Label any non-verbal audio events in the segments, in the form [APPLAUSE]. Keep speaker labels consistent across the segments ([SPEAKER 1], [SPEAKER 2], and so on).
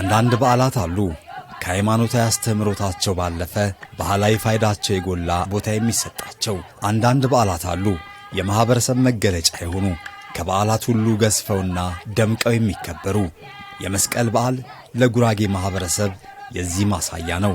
[SPEAKER 1] አንዳንድ በዓላት አሉ ከሃይማኖታዊ አስተምህሮታቸው ባለፈ ባህላዊ ፋይዳቸው የጎላ ቦታ የሚሰጣቸው። አንዳንድ በዓላት አሉ የማኅበረሰብ መገለጫ የሆኑ ከበዓላት ሁሉ ገዝፈውና ደምቀው የሚከበሩ። የመስቀል በዓል ለጉራጌ ማኅበረሰብ የዚህ ማሳያ ነው።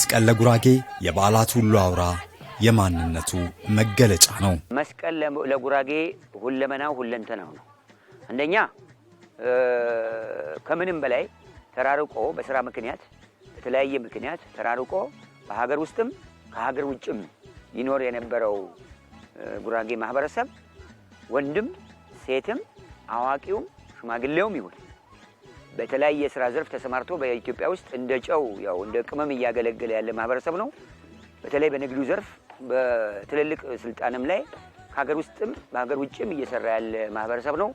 [SPEAKER 1] መስቀል ለጉራጌ የበዓላት ሁሉ አውራ የማንነቱ መገለጫ ነው።
[SPEAKER 2] መስቀል ለጉራጌ ሁለመናው ሁለንተናው ነው። አንደኛ ከምንም በላይ ተራርቆ በስራ ምክንያት በተለያየ ምክንያት ተራርቆ በሀገር ውስጥም ከሀገር ውጭም ይኖር የነበረው ጉራጌ ማህበረሰብ ወንድም ሴትም አዋቂውም ሽማግሌውም ይሁን በተለያየ ስራ ዘርፍ ተሰማርቶ በኢትዮጵያ ውስጥ እንደ ጨው ያው እንደ ቅመም እያገለገለ ያለ ማህበረሰብ ነው። በተለይ በንግዱ ዘርፍ በትልልቅ ስልጣንም ላይ ከሀገር ውስጥም በሀገር ውጭም እየሰራ ያለ ማህበረሰብ ነው።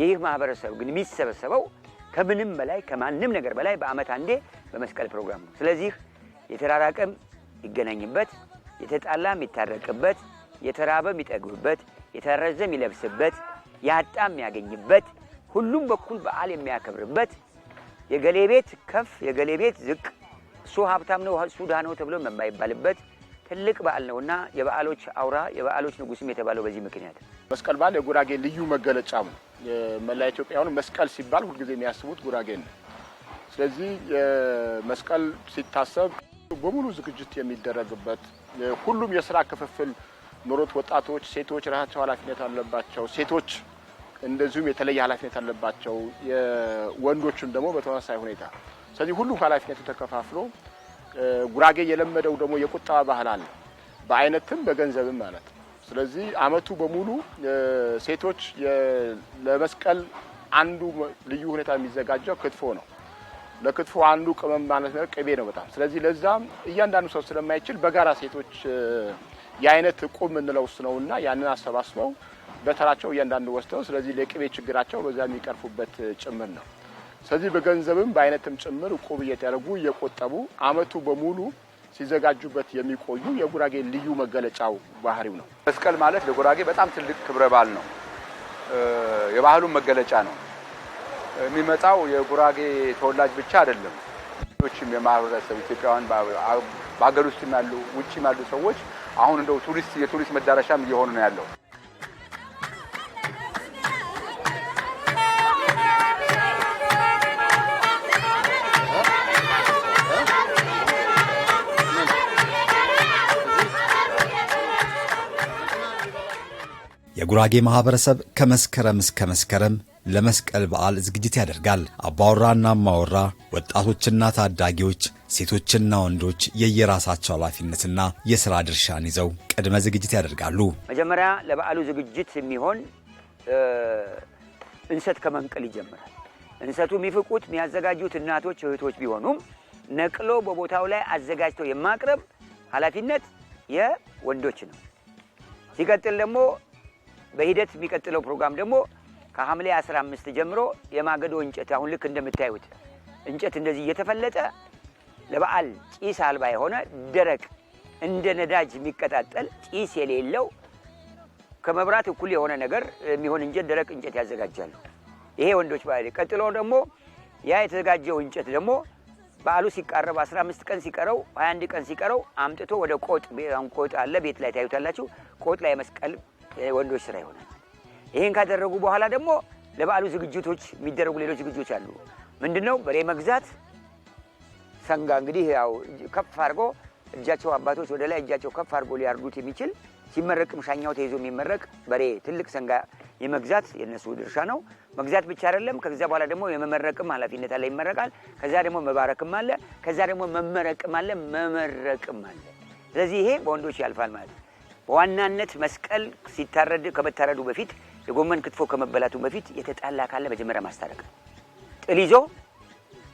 [SPEAKER 2] ይህ ማህበረሰብ ግን የሚሰበሰበው ከምንም በላይ ከማንም ነገር በላይ በዓመት አንዴ በመስቀል ፕሮግራም ነው። ስለዚህ የተራራቀም ይገናኝበት፣ የተጣላም ይታረቅበት፣ የተራበም ይጠግብበት፣ የተረዘም ይለብስበት፣ ያጣም ያገኝበት ሁሉም በኩል በዓል የሚያከብርበት የገሌ ቤት ከፍ የገሌ ቤት ዝቅ እሱ ሀብታም ነው እሱ ድሃ ነው ተብሎ የማይባልበት ትልቅ በዓል ነውና የበዓሎች አውራ የበዓሎች ንጉስም የተባለው በዚህ ምክንያት።
[SPEAKER 3] መስቀል በዓል የጉራጌ ልዩ መገለጫ ነው። መላ ኢትዮጵያውያን መስቀል ሲባል ሁልጊዜ የሚያስቡት ጉራጌ ነው። ስለዚህ መስቀል ሲታሰብ በሙሉ ዝግጅት የሚደረግበት ሁሉም የስራ ክፍፍል ኖሮት ወጣቶች፣ ሴቶች ራሳቸው ኃላፊነት አለባቸው ሴቶች እንደዚሁም የተለየ ኃላፊነት አለባቸው። ወንዶቹም ደግሞ በተመሳሳይ ሁኔታ። ስለዚህ ሁሉም ኃላፊነቱ ተከፋፍሎ ጉራጌ የለመደው ደግሞ የቁጠባ ባህል አለ፣ በአይነትም በገንዘብም ማለት። ስለዚህ አመቱ በሙሉ ሴቶች ለመስቀል አንዱ ልዩ ሁኔታ የሚዘጋጀው ክትፎ ነው። ለክትፎ አንዱ ቅመም ማለት ቅቤ ነው በጣም ስለዚህ ለዛም እያንዳንዱ ሰው ስለማይችል በጋራ ሴቶች የአይነት እቁብ የምንለው ነው እና ያንን አሰባስበው በተራቸው እያንዳንዱ ወስደው ስለዚህ ለቅቤ ችግራቸው በዛ የሚቀርፉበት ጭምር ነው። ስለዚህ በገንዘብም በአይነትም ጭምር እቁብ እየደረጉ እየቆጠቡ አመቱ በሙሉ ሲዘጋጁበት የሚቆዩ የጉራጌ ልዩ መገለጫው ባህሪው ነው። መስቀል ማለት ለጉራጌ በጣም ትልቅ ክብረ በዓል ነው። የባህሉን መገለጫ ነው። የሚመጣው የጉራጌ ተወላጅ ብቻ አይደለም። ሌሎችም የማህበረሰብ ኢትዮጵያውያን በሀገር ውስጥም ያሉ ውጭም ያሉ ሰዎች አሁን እንደው ቱሪስት የቱሪስት መዳረሻም እየሆነ ነው ያለው።
[SPEAKER 1] የጉራጌ ማህበረሰብ ከመስከረም እስከ መስከረም ለመስቀል በዓል ዝግጅት ያደርጋል። አባወራና እማወራ፣ ወጣቶችና ታዳጊዎች ሴቶችና ወንዶች የየራሳቸው ኃላፊነትና የስራ ድርሻን ይዘው ቅድመ ዝግጅት ያደርጋሉ።
[SPEAKER 2] መጀመሪያ ለበዓሉ ዝግጅት የሚሆን እንሰት ከመንቀል ይጀምራል። እንሰቱ የሚፍቁት የሚያዘጋጁት እናቶች፣ እህቶች ቢሆኑም ነቅሎ በቦታው ላይ አዘጋጅተው የማቅረብ ኃላፊነት የወንዶች ነው። ሲቀጥል ደግሞ በሂደት የሚቀጥለው ፕሮግራም ደግሞ ከሐምሌ 15 ጀምሮ የማገዶ እንጨት አሁን ልክ እንደምታዩት እንጨት እንደዚህ እየተፈለጠ ለበዓል ጢስ አልባ የሆነ ደረቅ እንደ ነዳጅ የሚቀጣጠል ጢስ የሌለው ከመብራት እኩል የሆነ ነገር የሚሆን እንጨት ደረቅ እንጨት ያዘጋጃሉ። ይሄ ወንዶች በዓል። ቀጥሎ ደግሞ ያ የተዘጋጀው እንጨት ደግሞ በዓሉ ሲቃረብ 15 ቀን ሲቀረው 21 ቀን ሲቀረው አምጥቶ ወደ ቆጥ ቆጥ አለ ቤት ላይ ታዩታላችሁ። ቆጥ ላይ መስቀል ወንዶች ስራ ይሆናል። ይህን ካደረጉ በኋላ ደግሞ ለበዓሉ ዝግጅቶች የሚደረጉ ሌሎች ዝግጅቶች አሉ። ምንድን ነው? በሬ መግዛት ሰንጋ እንግዲህ ያው ከፍ አድርጎ እጃቸው አባቶች ወደ ላይ እጃቸው ከፍ አድርጎ ሊያርዱት የሚችል ሲመረቅም ሻኛው ተይዞ የሚመረቅ በሬ ትልቅ ሰንጋ የመግዛት የእነሱ ድርሻ ነው። መግዛት ብቻ አይደለም። ከዛ በኋላ ደግሞ የመመረቅም ኃላፊነት አለ። ይመረቃል። ከዛ ደግሞ መባረክም አለ። ከዛ ደግሞ መመረቅም አለ፣ መመረቅም አለ። ስለዚህ ይሄ በወንዶች ያልፋል ማለት ነው። በዋናነት መስቀል ሲታረድ ከመታረዱ በፊት የጎመን ክትፎ ከመበላቱ በፊት የተጣላ ካለ መጀመሪያ ማስታረቅ ጥል ይዞ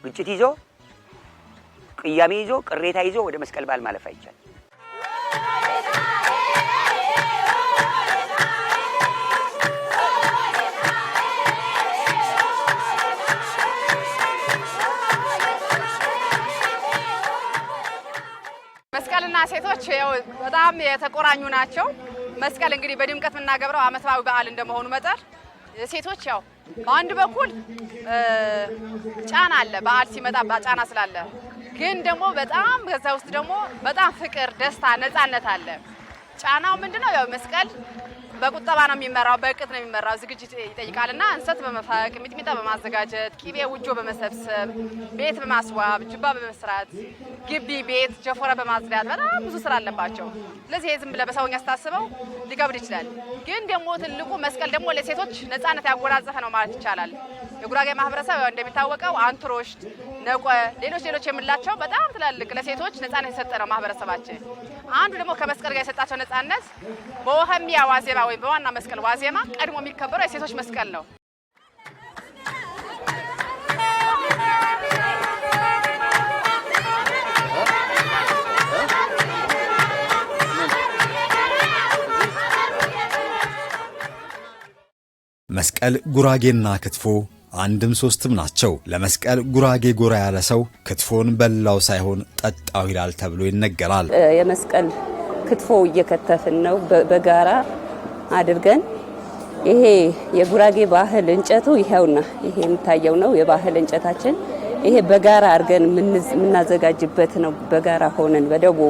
[SPEAKER 2] ግጭት ይዞ ቅያሜ ይዞ ቅሬታ ይዞ ወደ መስቀል በዓል ማለፍ አይቻል።
[SPEAKER 4] መስቀልና ሴቶች በጣም የተቆራኙ ናቸው። መስቀል እንግዲህ በድምቀት የምናገብረው አመታዊ በዓል እንደመሆኑ መጠን ሴቶች ያው በአንድ በኩል ጫና አለ፣ በዓል ሲመጣ ጫና ስላለ ግን ደግሞ በጣም ከዛ ውስጥ ደግሞ በጣም ፍቅር፣ ደስታ፣ ነፃነት አለ። ጫናው ምንድነው? ያው መስቀል በቁጠባ ነው የሚመራው፣ በእቅድ ነው የሚመራው። ዝግጅት ይጠይቃል እና እንሰት በመፋቅ ሚጥሚጣ በማዘጋጀት ቂቤ ውጆ በመሰብሰብ ቤት በማስዋብ ጅባ በመስራት ግቢ ቤት ጀፎረ በማጽዳት በጣም ብዙ ስራ አለባቸው። ስለዚህ ዝም ብለህ በሰውኛ ስታስበው ሊገብድ ይችላል። ግን ደግሞ ትልቁ መስቀል ደግሞ ለሴቶች ነፃነት ያጎናጸፈ ነው ማለት ይቻላል። የጉራጌ ማህበረሰብ እንደሚታወቀው አንትሮሽ ነቆ፣ ሌሎች ሌሎች የምላቸው በጣም ትላልቅ ለሴቶች ነጻነት የሰጠ ነው ማህበረሰባችን። አንዱ ደግሞ ከመስቀል ጋር የሰጣቸው ነጻነት በወሀሚያ ዋዜማ ወይም በዋና መስቀል ዋዜማ ቀድሞ የሚከበረው የሴቶች መስቀል ነው።
[SPEAKER 1] መስቀል ጉራጌና ክትፎ አንድም ሶስትም ናቸው። ለመስቀል ጉራጌ ጎራ ያለ ሰው ክትፎን በላው ሳይሆን ጠጣው ይላል ተብሎ ይነገራል።
[SPEAKER 5] የመስቀል ክትፎ እየከተፍን ነው በጋራ አድርገን። ይሄ የጉራጌ ባህል እንጨቱ ይኸውና፣ ይሄ የምታየው ነው የባህል እንጨታችን። ይሄ በጋራ አድርገን የምናዘጋጅበት ነው። በጋራ ሆነን በደቦ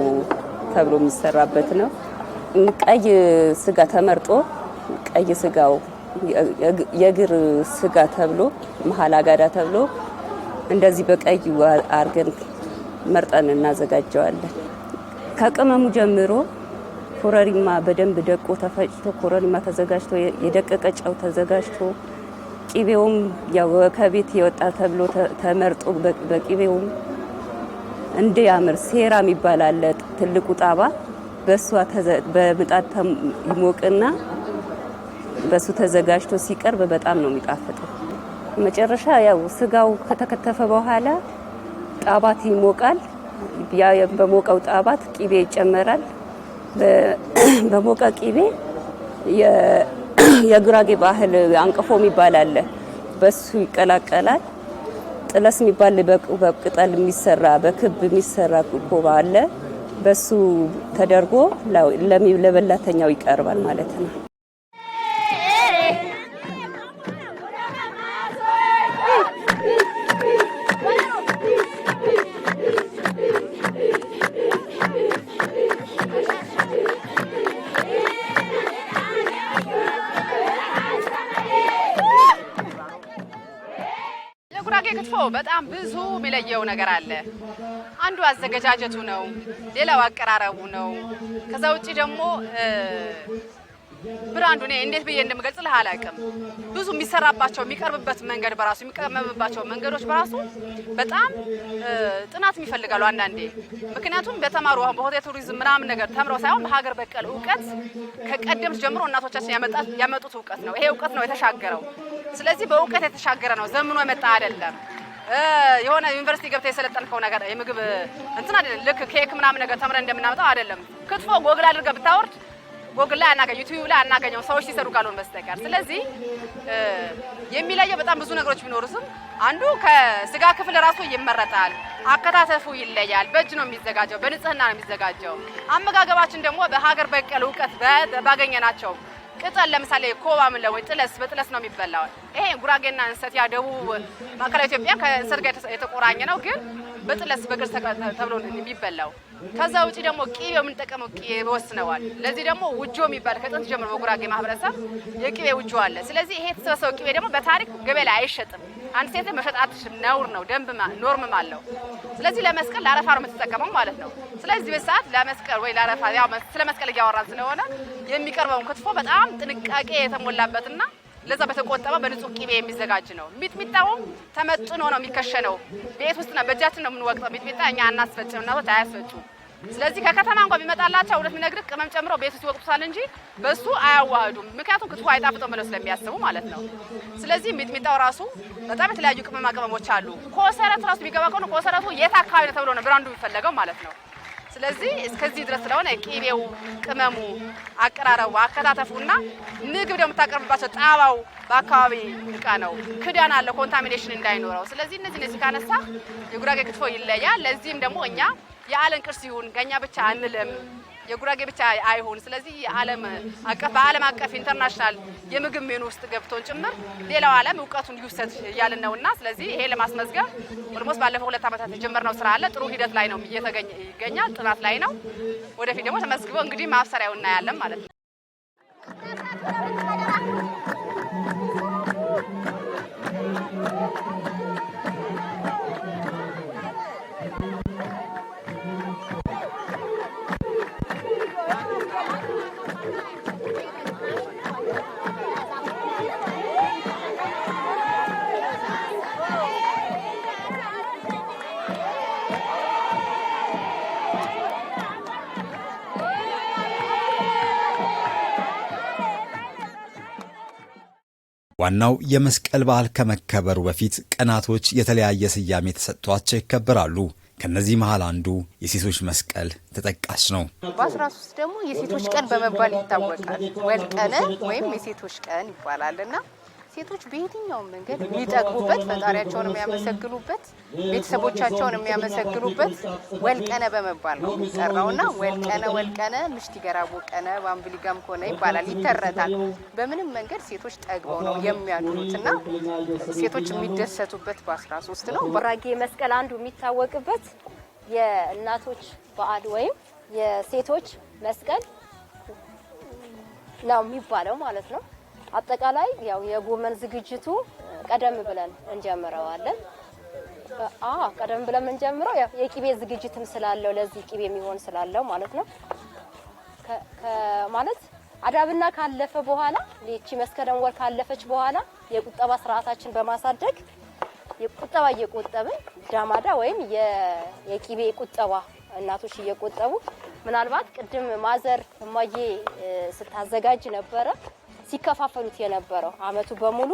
[SPEAKER 5] ተብሎ የሚሰራበት ነው። ቀይ ስጋ ተመርጦ ቀይ ስጋው የእግር ስጋ ተብሎ መሀል አጋዳ ተብሎ እንደዚህ በቀይ አርገን መርጠን እናዘጋጀዋለን። ከቅመሙ ጀምሮ ኮረሪማ በደንብ ደቆ ተፈጭቶ ኮረሪማ ተዘጋጅቶ የደቀቀ ጨው ተዘጋጅቶ ቂቤውም ከቤት የወጣ ተብሎ ተመርጦ በቂቤውም እንዲያምር ሴራ የሚባል ትልቁ ጣባ በእሷ በምጣድ ይሞቅና በሱ ተዘጋጅቶ ሲቀርብ በጣም ነው የሚጣፍጠው። መጨረሻ ያው ስጋው ከተከተፈ በኋላ ጣባት ይሞቃል። ያ በሞቀው ጣባት ቂቤ ይጨመራል። [CLEARS THROAT] በሞቀ ቂቤ [CLEARS THROAT] የጉራጌ ባህል አንቅፎ የሚባል አለ። በሱ ይቀላቀላል። ጥለስ የሚባል በቅጠል የሚሰራ በክብ የሚሰራ ኮባ አለ። በሱ ተደርጎ ለበላተኛው ይቀርባል ማለት ነው።
[SPEAKER 4] በጣም ብዙ የሚለየው ነገር አለ። አንዱ አዘገጃጀቱ ነው፣ ሌላው አቀራረቡ ነው። ከዛ ውጭ ደግሞ ብራንዱ እኔ እንዴት ብዬ እንደምገልጽልህ አላውቅም። ብዙ የሚሰራባቸው የሚቀርብበት መንገድ በራሱ የሚቀመምባቸው መንገዶች በራሱ በጣም ጥናት የሚፈልጋሉ አንዳንዴ። ምክንያቱም በተማሩ አሁን በሆቴል ቱሪዝም ምናምን ነገር ተምረው ሳይሆን በሀገር በቀል እውቀት ከቀደምት ጀምሮ እናቶቻችን ያመጡት እውቀት ነው። ይሄ እውቀት ነው የተሻገረው። ስለዚህ በእውቀት የተሻገረ ነው፣ ዘምኖ የመጣ አይደለም። የሆነ ዩኒቨርሲቲ ገብተህ የሰለጠንከው ነገር የምግብ እንትን አይደለም። ልክ ኬክ ምናምን ነገር ተምረን እንደምናመጣው አይደለም። ክትፎ ጎግል አድርገህ ብታወርድ ጎግል ላይ አናገኝ ዩቲዩብ ላይ አናገኘው ሰዎች ሲሰሩ ካልሆን በስተቀር። ስለዚህ የሚለየው በጣም ብዙ ነገሮች ቢኖሩትም አንዱ ከስጋ ክፍል ራሱ ይመረጣል። አከታተፉ ይለያል። በእጅ ነው የሚዘጋጀው፣ በንጽህና ነው የሚዘጋጀው። አመጋገባችን ደግሞ በሀገር በቀል እውቀት ናቸው። ቅጠል ለምሳሌ ኮባ ለወይ ጥለስ በጥለስ ነው የሚበላው። ይሄ ጉራጌና እንሰት ያ ደቡብ ማዕከላዊ ኢትዮጵያ ከእንሰት ጋር የተቆራኘ ነው፣ ግን በጥለስ በቅርጽ ተብሎ የሚበላው ከዛ ውጪ ደግሞ ቂቤ የምንጠቀመው ቂቤ ወስነዋል ለዚህ ደግሞ ውጆ የሚባል ከጥንት ጀምሮ በጉራጌ ማህበረሰብ የቂቤ ውጆ አለ። ስለዚህ ይሄ የተሰበሰበው ቂቤ ደግሞ በታሪክ ገበያ ላይ አይሸጥም። አንድ ሴት መሸጥ ነውር ነው፣ ደንብ ኖርምም አለው። ስለዚህ ለመስቀል ለአረፋ ነው የምትጠቀመው ማለት ነው። ስለዚህ በሰዓት ለመስቀል ወይ ለአረፋ ስለ መስቀል እያወራን ስለሆነ የሚቀርበውን ክትፎ በጣም ጥንቃቄ የተሞላበትና ለዛ በተቆጠበ በንጹህ ቂቤ የሚዘጋጅ ነው። ሚጥሚጣውም ተመጥኖ ነው የሚከሸነው። ቤት ውስጥ ነው በእጃችን ነው የምንወቅጠው። ሚጥሚጣ እኛ አናስፈጭም፣ እናቶች አያስፈጩም። ስለዚህ ከከተማ እንኳ ቢመጣላቸው እውነት የሚነግርህ ቅመም ጨምረው ቤት ውስጥ ይወቅጡታል እንጂ በሱ አያዋህዱም። ምክንያቱም ክትፎ አይጣፍጥም ብለው ስለሚያስቡ ማለት ነው። ስለዚህ ሚጥሚጣው ራሱ በጣም የተለያዩ ቅመማ ቅመሞች አሉ። ኮሰረት ራሱ የሚገባ ከሆነ ኮሰረቱ የት አካባቢ ነው ተብሎ ነው ብራንዱ የሚፈለገው ማለት ነው። ስለዚህ እስከዚህ ድረስ ስለሆነ ቂቤው፣ ቅመሙ፣ አቀራረቡ፣ አከታተፉና ምግብ ደግሞ የምታቀርብባቸው ጣባው በአካባቢ እቃ ነው። ክዳን አለው ኮንታሚኔሽን እንዳይኖረው። ስለዚህ እነዚህ እነዚህ ካነሳ የጉራጌ ክትፎ ይለያል። ለዚህም ደግሞ እኛ የዓለም ቅርስ ይሁን ከኛ ብቻ አንልም። የጉራጌ ብቻ አይሆን። ስለዚህ የዓለም አቀፍ በዓለም አቀፍ ኢንተርናሽናል የምግብ ሜኑ ውስጥ ገብቶን ጭምር ሌላው ዓለም እውቀቱን ይውሰድ እያልን እና ስለዚህ ይሄ ለማስመዝገብ ኦልሞስ ባለፈው ሁለት ዓመታት የጀመርነው ስራ አለ። ጥሩ ሂደት ላይ ነው እየተገኘ ይገኛል። ጥናት ላይ ነው። ወደፊት ደግሞ ተመዝግቦ እንግዲህ ማብሰሪያው እናያለን ማለት ነው። Thank you.
[SPEAKER 1] ዋናው የመስቀል በዓል ከመከበሩ በፊት ቀናቶች የተለያየ ስያሜ ተሰጥቷቸው ይከበራሉ። ከነዚህ መሀል አንዱ የሴቶች መስቀል ተጠቃሽ ነው።
[SPEAKER 5] በአስራ ሶስት ደግሞ የሴቶች ቀን በመባል ይታወቃል። ወልቀነ ወይም የሴቶች ቀን ይባላል እና ሴቶች በየትኛውም መንገድ የሚጠግቡበት ፈጣሪያቸውን የሚያመሰግኑበት ቤተሰቦቻቸውን የሚያመሰግኑበት ወልቀነ በመባል ነው የሚጠራውና ወልቀነ ወልቀነ ምሽት ይገራ ቀነ ባምብሊጋም ከሆነ ይባላል ይተረታል። በምንም መንገድ ሴቶች ጠግበው ነው የሚያድሩት እና ሴቶች የሚደሰቱበት በአስራ ሶስት ነው። ጉራጌ መስቀል አንዱ የሚታወቅበት የእናቶች በዓል ወይም የሴቶች መስቀል ነው የሚባለው ማለት ነው። አጠቃላይ ያው የጎመን ዝግጅቱ ቀደም ብለን እንጀምረዋለን። አዎ ቀደም ብለን እንጀምረው ያው የቂቤ ዝግጅትም ስላለው ለዚህ ቂቤ የሚሆን ስላለው ማለት ነው ማለት አዳብና ካለፈ በኋላ ይቺ መስከረም ወር ካለፈች በኋላ የቁጠባ ስርዓታችን በማሳደግ የቁጠባ እየቆጠብን ዳማዳ ወይም የቂቤ ቁጠባ እናቶች እየቆጠቡ ምናልባት ቅድም ማዘር እማዬ ስታዘጋጅ ነበረ። ሲከፋፈሉት የነበረው አመቱ በሙሉ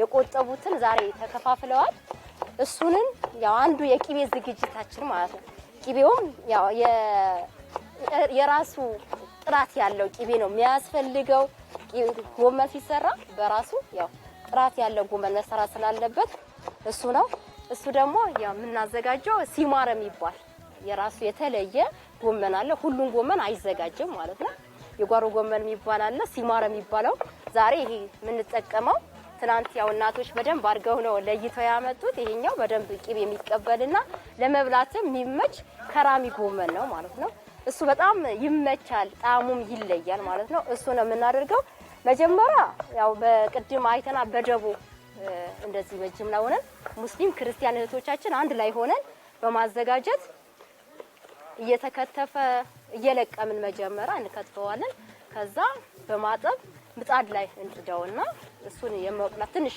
[SPEAKER 5] የቆጠቡትን ዛሬ ተከፋፍለዋል። እሱንም ያው አንዱ የቂቤ ዝግጅታችን ማለት ነው። ቂቤውም ያው የራሱ ጥራት ያለው ቂቤ ነው የሚያስፈልገው። ጎመን ሲሰራ በራሱ ያው ጥራት ያለው ጎመን መሰራት ስላለበት እሱ ነው። እሱ ደግሞ የምናዘጋጀው ሲማር የሚባል የራሱ የተለየ ጎመን አለ። ሁሉም ጎመን አይዘጋጅም ማለት ነው። የጓሮ ጎመን የሚባል አለ፣ ሲማር የሚባለው ዛሬ ይሄ የምንጠቀመው ትናንት ያው እናቶች በደንብ አድርገው ነው ለይተው ያመጡት። ይሄኛው በደንብ ቂብ የሚቀበልና ለመብላትም የሚመች ከራሚ ጎመን ነው ማለት ነው። እሱ በጣም ይመቻል፣ ጣዕሙም ይለያል ማለት ነው። እሱ ነው የምናደርገው። መጀመሪያ ያው በቅድም አይተና በደቦ እንደዚህ በጅምላ ሆነን ሙስሊም ክርስቲያን እህቶቻችን አንድ ላይ ሆነን በማዘጋጀት እየተከተፈ እየለቀምን መጀመሪያ እንከትፈዋለን። ከዛ በማጠብ ምጣድ ላይ እንጥደውና እሱን የመቁላት ትንሽ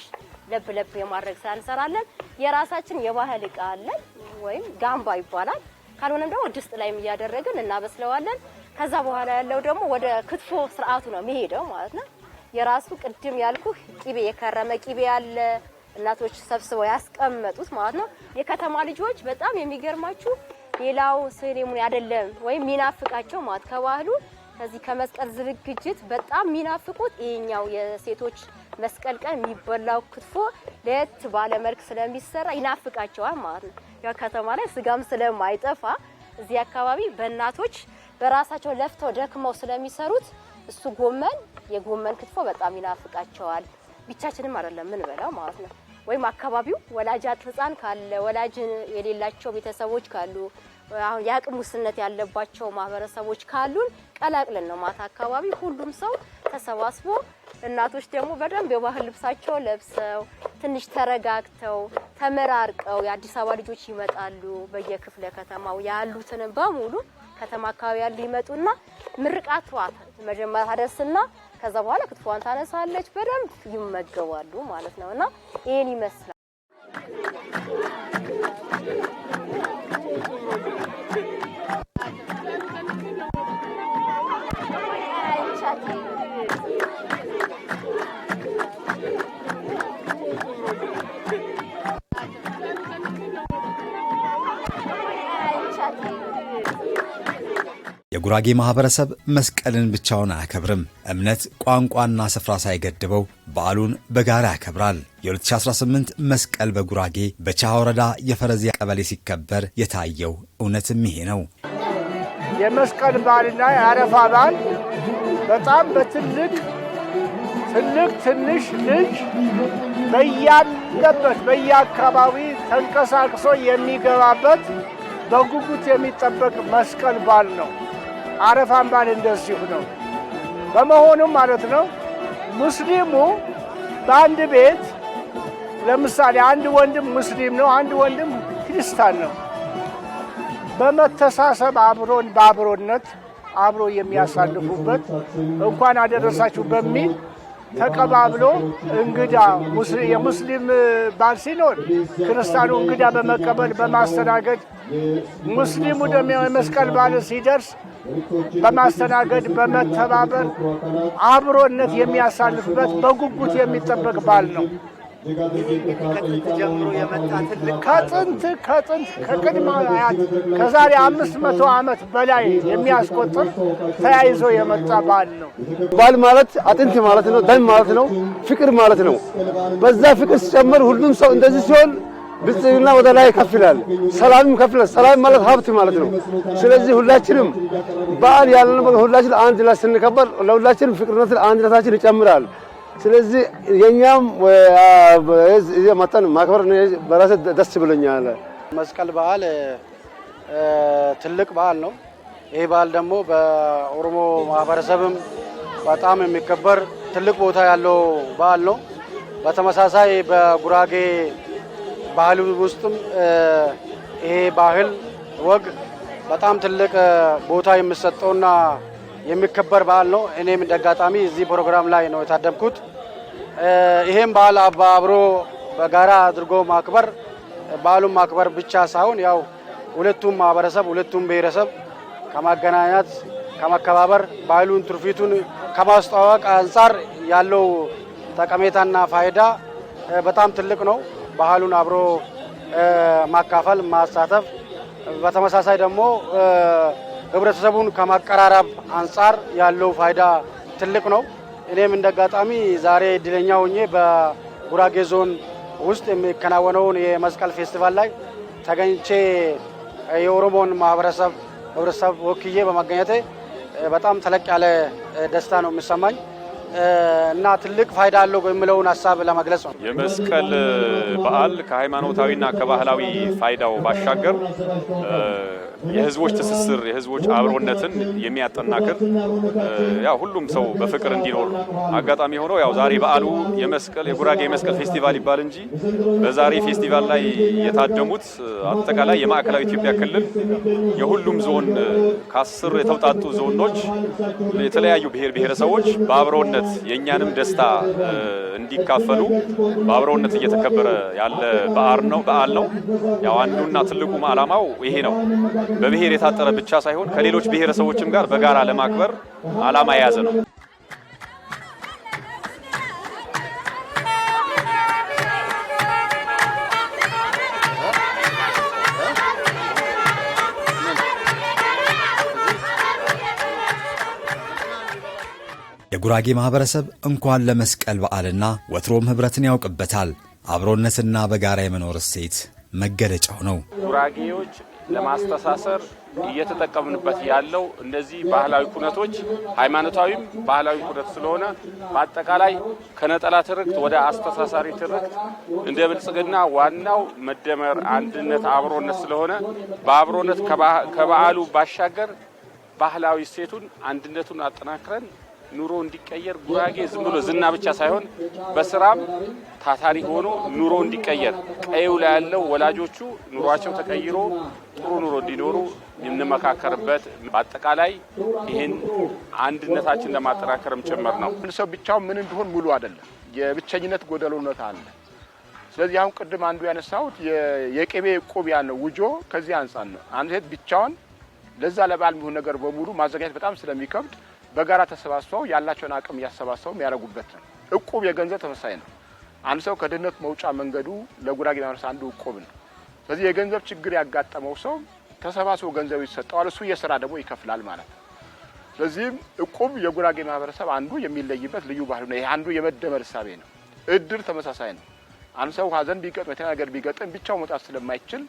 [SPEAKER 5] ለብ ለብ የማድረግ ስራ እንሰራለን። የራሳችን የባህል እቃ አለን ወይም ጋምባ ይባላል። ካልሆነም ደግሞ ድስት ላይም እያደረግን እናበስለዋለን። ከዛ በኋላ ያለው ደግሞ ወደ ክትፎ ስርዓቱ ነው የሚሄደው ማለት ነው። የራሱ ቅድም ያልኩ ቂቤ የከረመ ቂቤ ያለ እናቶች ሰብስበው ያስቀመጡት ማለት ነው። የከተማ ልጆች በጣም የሚገርማችሁ ሌላው ሴሬሞኒ አይደለም ወይም ሚናፍቃቸው ማለት ከባህሉ ከዚህ ከመስቀል ዝግጅት በጣም የሚናፍቁት ይሄኛው የሴቶች መስቀል ቀን የሚበላው ክትፎ ለየት ባለ መልክ ስለሚሰራ ይናፍቃቸዋል ማለት ነው። ያው ከተማ ላይ ስጋም ስለማይጠፋ እዚህ አካባቢ በእናቶች በራሳቸው ለፍተው ደክመው ስለሚሰሩት እሱ ጎመን የጎመን ክትፎ በጣም ይናፍቃቸዋል። ብቻችንም አይደለም ምን በላው ማለት ነው። ወይም አካባቢው ወላጅ አጥ ካለ ወላጅ የሌላቸው ቤተሰቦች ካሉ አሁን የአቅም ውስንነት ያለባቸው ማህበረሰቦች ካሉን ቀላቅለን ነው ማታ አካባቢ ሁሉም ሰው ተሰባስቦ እናቶች ደግሞ በደንብ የባህል ልብሳቸው ለብሰው ትንሽ ተረጋግተው ተመራርቀው የአዲስ አበባ ልጆች ይመጣሉ። በየክፍለ ከተማው ያሉትን በሙሉ ከተማ አካባቢ ያሉ ይመጡና ምርቃቷ መጀመሪያ ታደርስና ከዛ በኋላ ክትፏን ታነሳለች። በደንብ ይመገባሉ ማለት እና ይህን ይመስላል።
[SPEAKER 1] የጉራጌ ማህበረሰብ መስቀልን ብቻውን አያከብርም። እምነት፣ ቋንቋና ስፍራ ሳይገድበው በዓሉን በጋራ ያከብራል። የ2018 መስቀል በጉራጌ በቻ ወረዳ የፈረዚያ ቀበሌ ሲከበር የታየው እውነትም ይሄ ነው።
[SPEAKER 6] የመስቀል በዓልና የአረፋ በዓል በጣም በትልቅ ትልቅ ትንሽ ልጅ በያለበት በየአካባቢ ተንቀሳቅሶ የሚገባበት በጉጉት የሚጠበቅ መስቀል በዓል ነው። አረፋን በዓል እንደዚሁ ነው። በመሆኑም ማለት ነው ሙስሊሙ በአንድ ቤት ለምሳሌ አንድ ወንድም ሙስሊም ነው፣ አንድ ወንድም ክርስቲያን ነው። በመተሳሰብ አብሮን በአብሮነት አብሮ የሚያሳልፉበት እንኳን አደረሳችሁ በሚል ተቀባብሎ እንግዳ የሙስሊም ባል ሲኖር ክርስቲያኑ እንግዳ በመቀበል በማስተናገድ ሙስሊሙ ደግሞ የመስቀል ባል ሲደርስ በማስተናገድ በመተባበር አብሮነት የሚያሳልፍበት በጉጉት የሚጠበቅ ባል ነው። ከጥንት ከጥንት ከቅድመ አያት ከዛሬ አምስት መቶ ዓመት በላይ የሚያስቆጥር ተያይዞ የመጣ ባል ነው።
[SPEAKER 7] ባል ማለት አጥንት ማለት ነው፣ ደም ማለት ነው፣ ፍቅር ማለት ነው። በዛ ፍቅር ሲጨመር ሁሉም ሰው እንደዚህ ሲሆን ብልጽግና ወደ ላይ ከፍ ይላል፣ ሰላምም ከፍ ይላል። ሰላም ማለት ሀብት ማለት ነው። ስለዚህ ሁላችንም በዓል ያለን ሁላችን አንድ ላይ ስንከበር ለሁላችንም ፍቅርነትን አንድነታችን ይጨምራል። ስለዚህ የኛም እዚህ መጠን ማክበር በራሴ ደስ ብሎኛል።
[SPEAKER 8] መስቀል በዓል ትልቅ በዓል ነው። ይህ በዓል ደግሞ በኦሮሞ ማህበረሰብም በጣም የሚከበር ትልቅ ቦታ ያለው በዓል ነው። በተመሳሳይ በጉራጌ ባህል ውስጥም ይሄ ባህል ወግ በጣም ትልቅ ቦታ የሚሰጠውና የሚከበር በዓል ነው። እኔም እንደ አጋጣሚ እዚህ ፕሮግራም ላይ ነው የታደምኩት። ይሄም በዓል አብሮ በጋራ አድርጎ ማክበር በዓሉን ማክበር ብቻ ሳይሆን ያው ሁለቱም ማህበረሰብ ሁለቱም ብሔረሰብ ከማገናኛት ከማከባበር ባህሉን ትርፊቱን ከማስተዋወቅ አንጻር ያለው ጠቀሜታና ፋይዳ በጣም ትልቅ ነው። ባህሉን አብሮ ማካፈል፣ ማሳተፍ በተመሳሳይ ደግሞ ህብረተሰቡን ከማቀራረብ አንጻር ያለው ፋይዳ ትልቅ ነው። እኔም እንደ አጋጣሚ ዛሬ እድለኛ ሆኜ በጉራጌ ዞን ውስጥ የሚከናወነውን የመስቀል ፌስቲቫል ላይ ተገኝቼ የኦሮሞን ማህበረሰብ ህብረተሰብ ወክዬ በመገኘቴ በጣም ተለቅ ያለ ደስታ ነው የሚሰማኝ። እና ትልቅ ፋይዳ አለው የሚለውን ሀሳብ ለመግለጽ ነው።
[SPEAKER 9] የመስቀል በዓል ከሃይማኖታዊና ከባህላዊ ፋይዳው ባሻገር የህዝቦች ትስስር፣ የህዝቦች አብሮነትን የሚያጠናክር ያው ሁሉም ሰው በፍቅር እንዲኖር አጋጣሚ ሆነው ያው ዛሬ በዓሉ የመስቀል የጉራጌ መስቀል ፌስቲቫል ይባል እንጂ በዛሬ ፌስቲቫል ላይ የታደሙት አጠቃላይ የማዕከላዊ ኢትዮጵያ ክልል የሁሉም ዞን ከአስር የተውጣጡ ዞኖች የተለያዩ ብሔር ብሔረሰቦች በአብሮነት በአብሮነት የእኛንም ደስታ እንዲካፈሉ በአብሮነት እየተከበረ ያለ በዓል ነው በዓል ነው። ያው አንዱና ትልቁም ዓላማው ይሄ ነው። በብሔር የታጠረ ብቻ ሳይሆን ከሌሎች ብሔረሰቦችም ጋር በጋራ ለማክበር ዓላማ የያዘ ነው።
[SPEAKER 1] ጉራጌ ማህበረሰብ እንኳን ለመስቀል በዓልና ወትሮም ኅብረትን ያውቅበታል። አብሮነትና በጋራ የመኖር እሴት መገለጫው ነው።
[SPEAKER 8] ጉራጌዎች ለማስተሳሰር እየተጠቀምንበት ያለው እነዚህ ባህላዊ ኩነቶች ሃይማኖታዊም ባህላዊ ኩነት ስለሆነ በአጠቃላይ ከነጠላ ትርክት ወደ አስተሳሳሪ ትርክት እንደ ብልጽግና ዋናው መደመር፣ አንድነት፣ አብሮነት ስለሆነ በአብሮነት ከበዓሉ ባሻገር ባህላዊ እሴቱን አንድነቱን አጠናክረን ኑሮ እንዲቀየር ጉራጌ ዝም ብሎ ዝና ብቻ ሳይሆን በስራም ታታሪ ሆኖ ኑሮ እንዲቀየር ቀዩ ላይ ያለው ወላጆቹ ኑሯቸው ተቀይሮ ጥሩ ኑሮ እንዲኖሩ የምንመካከርበት በአጠቃላይ ይህን አንድነታችን ለማጠናከርም ጭምር ነው።
[SPEAKER 7] አንድ ሰው ብቻው ምን እንዲሆን ሙሉ አይደለም። የብቸኝነት ጎደሎነት አለ። ስለዚህ አሁን ቅድም አንዱ ያነሳሁት የቅቤ ቁብ ያለው ውጆ ከዚህ አንጻር ነው። አንድ ሴት ብቻውን ለዛ ለበዓል የሚሆን ነገር በሙሉ ማዘጋጀት በጣም ስለሚከብድ በጋራ ተሰባስበው ያላቸውን አቅም እያሰባሰቡ የሚያደርጉበት ነው። እቁብ የገንዘብ ተመሳሳይ ነው። አንድ ሰው ከድህነት መውጫ መንገዱ ለጉራጌ ማህበረሰብ አንዱ እቁብ ነው። ስለዚህ የገንዘብ ችግር ያጋጠመው ሰው ተሰባስቦ ገንዘቡ ይሰጠዋል። እሱ የስራ ደግሞ ይከፍላል ማለት ነው። ስለዚህም እቁብ የጉራጌ ማህበረሰብ አንዱ የሚለይበት ልዩ ባህል ነው። ይህ አንዱ የመደመር እሳቤ ነው። እድር ተመሳሳይ ነው። አንድ ሰው ሀዘን ቢገጥም ነገር ቢገጥም ብቻው መውጣት ስለማይችል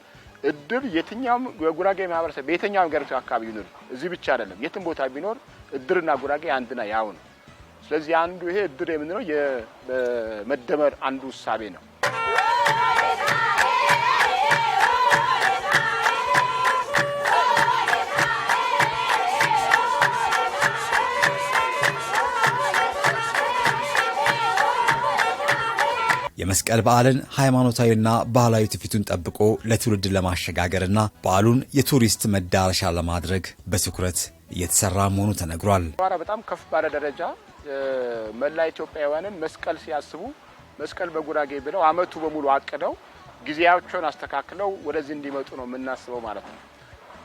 [SPEAKER 7] እድር የትኛውም የጉራጌ ማህበረሰብ በየትኛውም ገርቱ አካባቢ ይኑር፣ እዚህ ብቻ አይደለም፣ የትም ቦታ ቢኖር እድርና ጉራጌ አንድና ያው ነው። ስለዚህ አንዱ ይሄ እድር የምንለው የመደመር አንዱ እሳቤ ነው።
[SPEAKER 1] የመስቀል በዓልን ሃይማኖታዊና ባህላዊ ትውፊቱን ጠብቆ ለትውልድ ለማሸጋገርና በዓሉን የቱሪስት መዳረሻ ለማድረግ በትኩረት እየተሰራ መሆኑ ተነግሯል።
[SPEAKER 8] አማራ በጣም ከፍ ባለ ደረጃ መላ ኢትዮጵያውያንን መስቀል ሲያስቡ መስቀል በጉራጌ ብለው አመቱ በሙሉ አቅደው ጊዜያቸውን አስተካክለው ወደዚህ እንዲመጡ ነው የምናስበው ማለት ነው።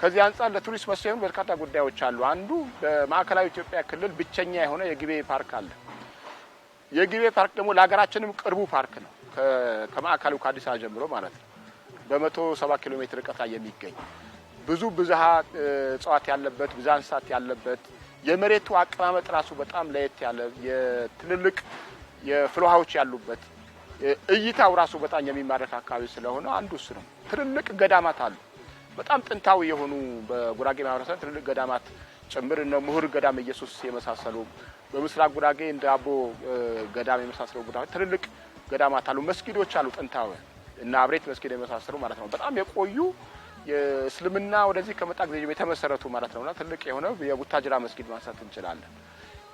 [SPEAKER 8] ከዚህ አንጻር ለቱሪስት መስ የሆኑ በርካታ ጉዳዮች አሉ። አንዱ በማዕከላዊ ኢትዮጵያ ክልል ብቸኛ የሆነ የግቤ ፓርክ አለ። የግቤ ፓርክ ደግሞ ለሀገራችንም ቅርቡ ፓርክ ነው። ከማዕከሉ ከአዲስ አበባ ጀምሮ ማለት ነው በመቶ ሰባ ኪሎ ሜትር ርቀት ላይ የሚገኝ ብዙ ብዝሃ እጽዋት ያለበት ብዝሃ እንስሳት ያለበት የመሬቱ አቀማመጥ ራሱ በጣም ለየት ያለ የትልልቅ የፍልውሃዎች ያሉበት እይታው ራሱ በጣም የሚማረክ አካባቢ ስለሆነ አንዱ እሱ ነው። ትልልቅ ገዳማት አሉ። በጣም ጥንታዊ የሆኑ በጉራጌ ማህበረሰብ ትልልቅ ገዳማት ጭምር እነ ምሁር ገዳም ኢየሱስ የመሳሰሉ በምስራቅ ጉራጌ እንደ አቦ ገዳም የመሳሰሉ ትልልቅ ገዳማት አሉ፣ መስጊዶች አሉ፣ ጥንታዊ እና አብሬት መስጊድ የመሳሰሉ ማለት ነው። በጣም የቆዩ እስልምና ወደዚህ ከመጣ ጊዜ የተመሰረቱ ማለት እና ትልቅ የሆነ የቡታጅራ መስጊድ ማንሳት እንችላለን።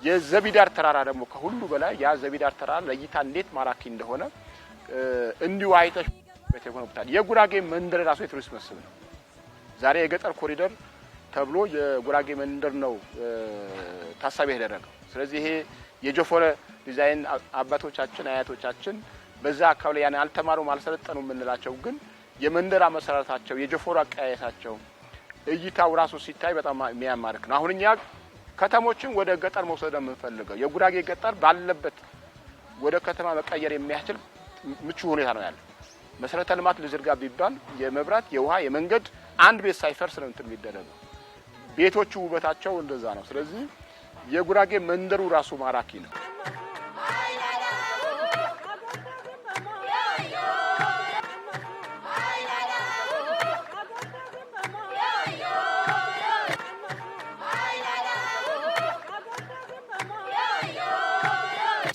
[SPEAKER 8] የዘቢዳር ተራራ ደግሞ ከሁሉ በላይ ያ ዘቢዳር ተራራ ለእይታ እንዴት ማራኪ እንደሆነ እንዲሁ አይተሽ ቦታ የጉራጌ መንደር ራሱ የቱሪስት መስህብ ነው። ዛሬ የገጠር ኮሪደር ተብሎ የጉራጌ መንደር ነው ታሳቢ የተደረገው። ስለዚህ ይሄ የጆፎረ ዲዛይን አባቶቻችን አያቶቻችን በዛ አካባቢ ያን አልተማሩም አልሰለጠኑ የምንላቸው ግን የመንደራ መሰረታቸው የጆፎረ አቀያየታቸው እይታው ራሱ ሲታይ በጣም የሚያማርክ ነው። አሁን እኛ ከተሞችን ወደ ገጠር መውሰድ የምንፈልገው የጉራጌ ገጠር ባለበት ወደ ከተማ መቀየር የሚያስችል ምቹ ሁኔታ ነው ያለው። መሰረተ ልማት ልዝርጋ ቢባል የመብራት፣ የውሃ፣ የመንገድ አንድ ቤት ሳይፈርስ ነው እንትን የሚደረገው። ቤቶቹ ውበታቸው እንደዛ ነው። ስለዚህ የጉራጌ መንደሩ ራሱ ማራኪ ነው።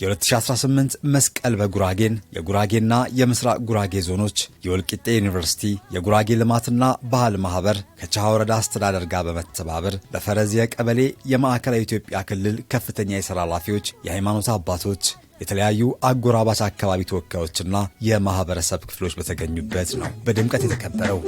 [SPEAKER 1] የ2018 መስቀል በጉራጌን የጉራጌና የምስራቅ ጉራጌ ዞኖች የወልቂጤ ዩኒቨርሲቲ የጉራጌ ልማትና ባህል ማህበር ከቻሃ ወረዳ አስተዳደር ጋር በመተባበር በፈረዚያ ቀበሌ የማዕከላዊ ኢትዮጵያ ክልል ከፍተኛ የሥራ ኃላፊዎች፣ የሃይማኖት አባቶች የተለያዩ አጎራባች አካባቢ ተወካዮችና የማህበረሰብ ክፍሎች በተገኙበት ነው በድምቀት የተከበረው።